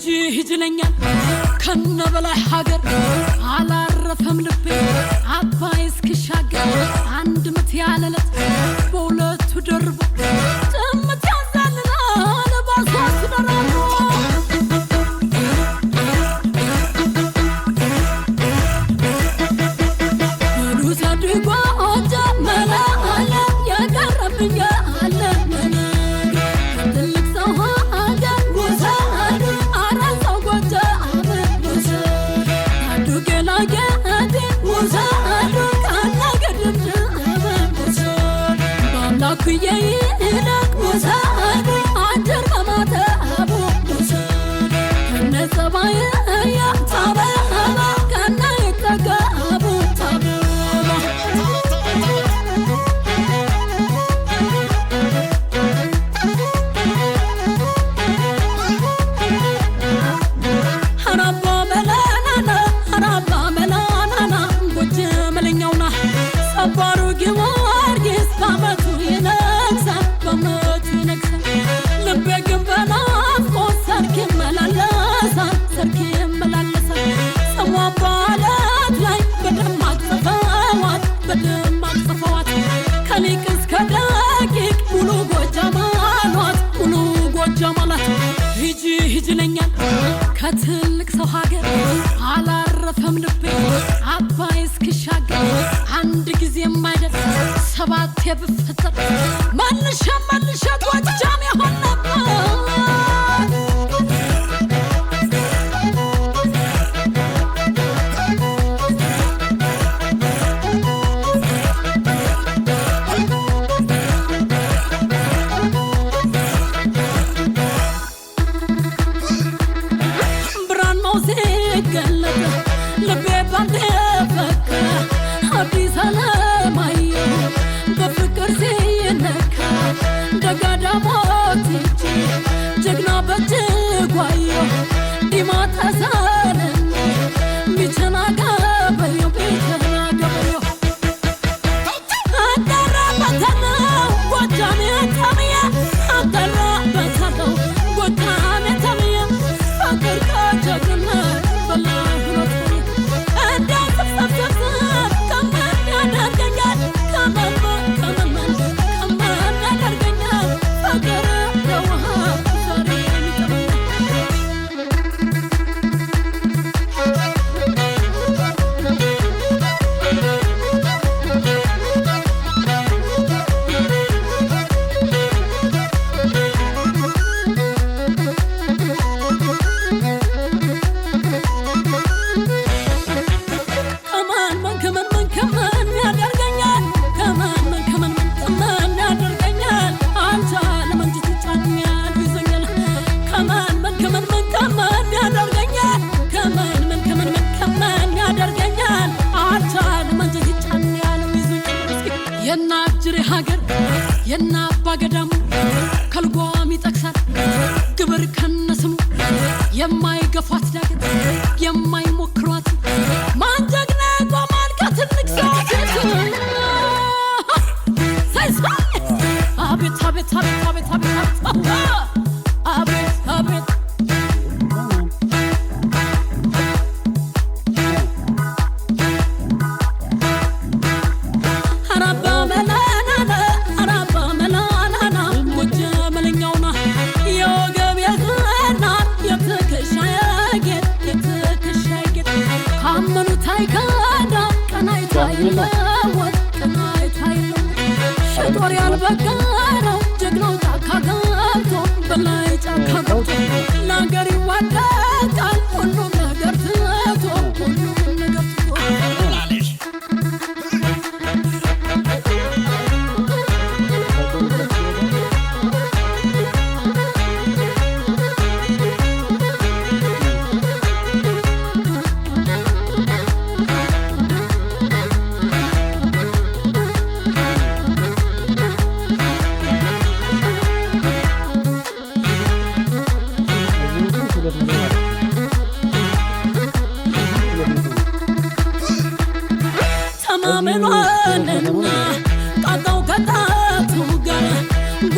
ልጅ ይጅለኛል ከነ በላይ ሀገር አላረፈም ልቤ አባይ እስክሻገር አንድ ምት ያለለት በሁለቱ ደርቦ ከትልቅ ሰው ሀገር አላረፈም ልቤ አባይ እስክሻገር አንድ ጊዜ የማይደርስ ሰባቴ ብፈጠር መልሻ መልሻ የናጅሬ ሀገር የናባ ገዳሙ ከልጓም ይጠቅሳል ግብር ከነስሙ የማይገፏት ዳገት የማይሞክሯት ማንጀግና ቋማልቃት ንግዛት አቤት አቤት አቤት አቤት አቤት በጋራ ጀግኖ ጫካ ገብቶ በላይ ጫካ ገብቶ ለአገሬ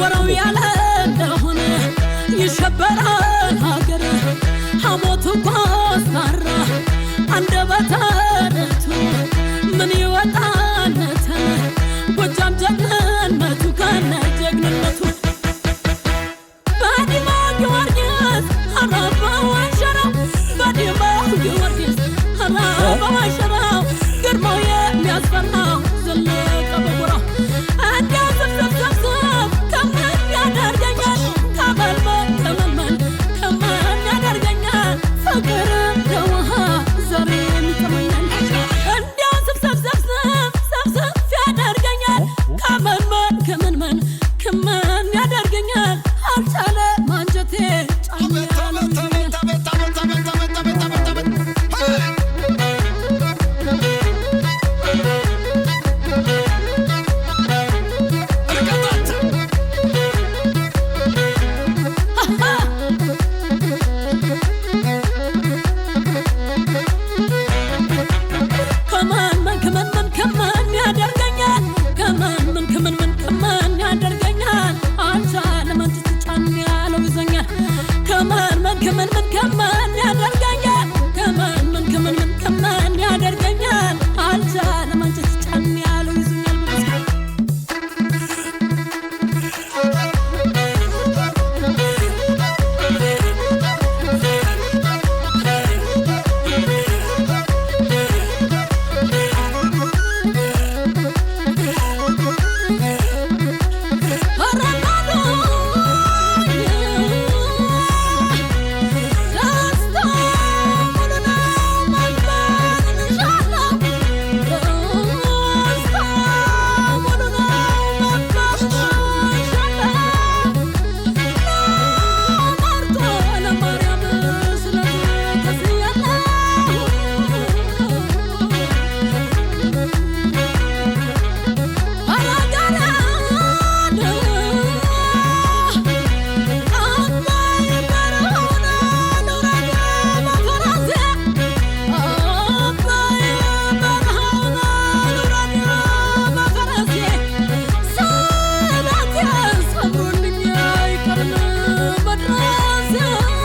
ጎረው ያለ እንደሆነ ይሸበራል ሀገር አንደበታ but roses.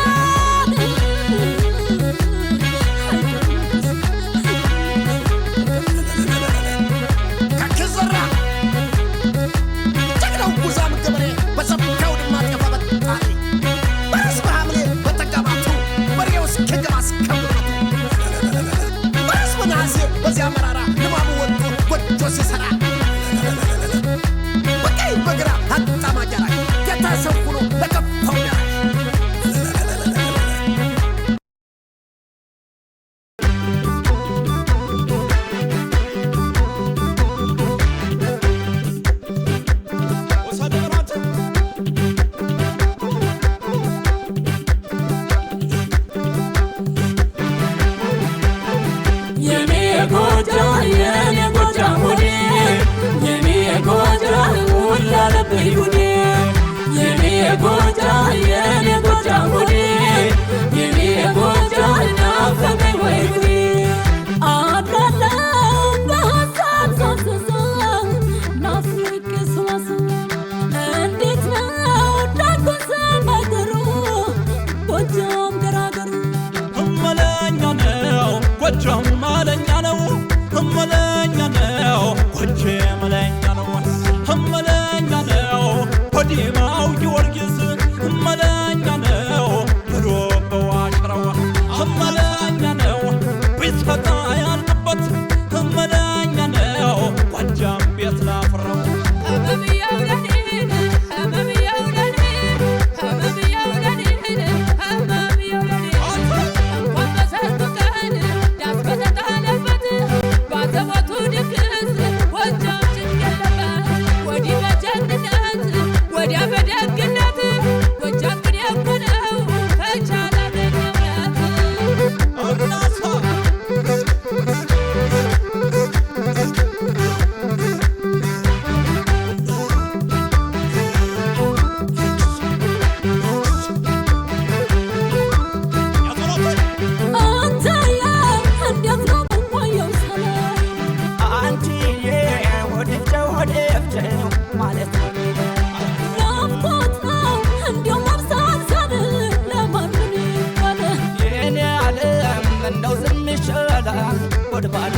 ሆድ ባዶ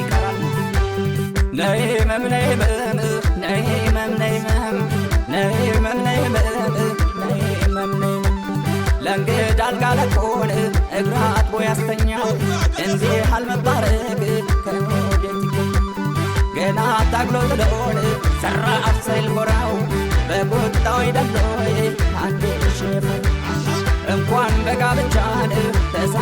ይቀራል። ነይ መም ነይ መም ነይ መም ነይ መም ነይ መም ነይ መም ነይ መም ነይ ለእንግዳ አልጋ ለቆን እግራ አጥቦ ያስተኛው እንዲህ አልመባረግ ከወዴት ገና ታግሎ ጥሎን ሰራ አፍሰል ጎራው በቁጣው ይደሎይ አንድ ሽፍ እንኳን በጋብቻን ተሳ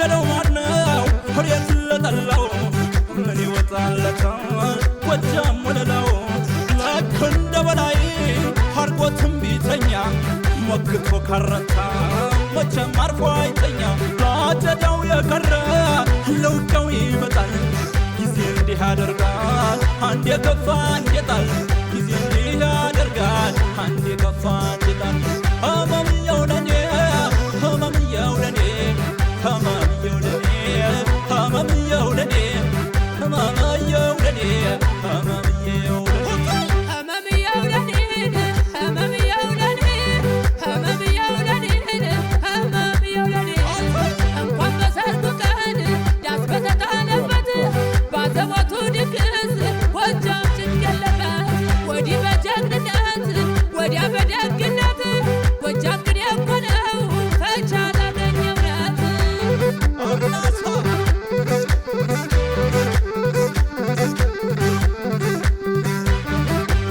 የበደለው ማነው? ሁሬት ለጠላው ምን ጎጃም ወለላው ልክ እንደ በላይ አርጎ ትንቢተኛ መቼም አርፎ አይተኛ። ለአጨዳው የቀረ ለውጊያው ይመጣል። ጊዜ እንዲህ ያደርጋል። አንዴ ከፋ አንዴ ጊዜ እንዲህ ያደርጋል።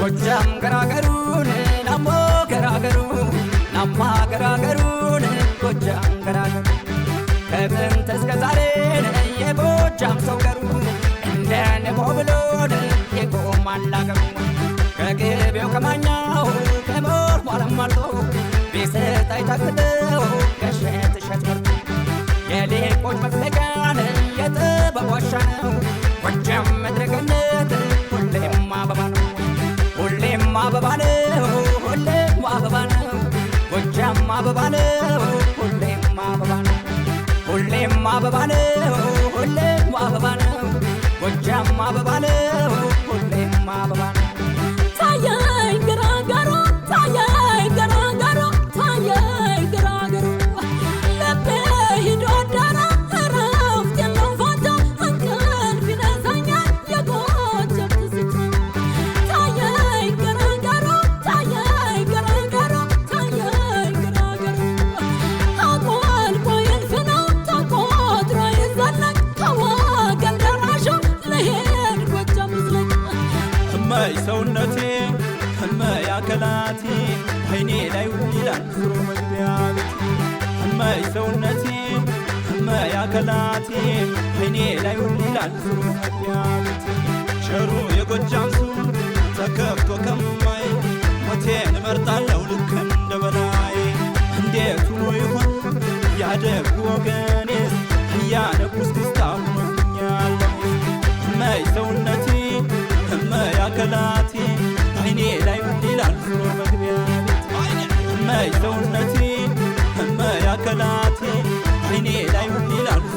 ጎጃም ገራገሩን ናሞ ገራገሩን ናማ ገራገሩን ጎጃም ገራገሩ ከምንት እስከ ዛሬ የጎጃም ሰው ገሩ እንደ ንቦ ብሎን የቆም አላገሩ ከግቤው ከማኛው ከሞር ሟለም አልቶ ቤሰት ከሸት ሸት መርቶ የሌቆች መፍለቂያን የጥበብ ዋሻ ነው አበባ ነው ሁሌም አበባ ነው ጎጃም አበባ ነው ሁሌም አበባ ነው ሁሌም አበባ ነው ሁሌም አበባ ነው ጎጃም አበባ ነው የጎጃም ቸሩ የጎጃም ሰው ተከፍቶ ከማይ ሞቴን እመርጣለሁ ልክ እንደ በላይ እንዴት ሆኖ ይሆን ያደጉ ወገኔስ እያነቁስ ክስታ ሆኖብኛል እመይ ሰውነቴ እመይ አካላቴ አይኔ ላይ ምን ይላል ዞሮ መግቢያ እመይ ሰውነቴ እመይ አካላቴ አይኔ ላይ ምን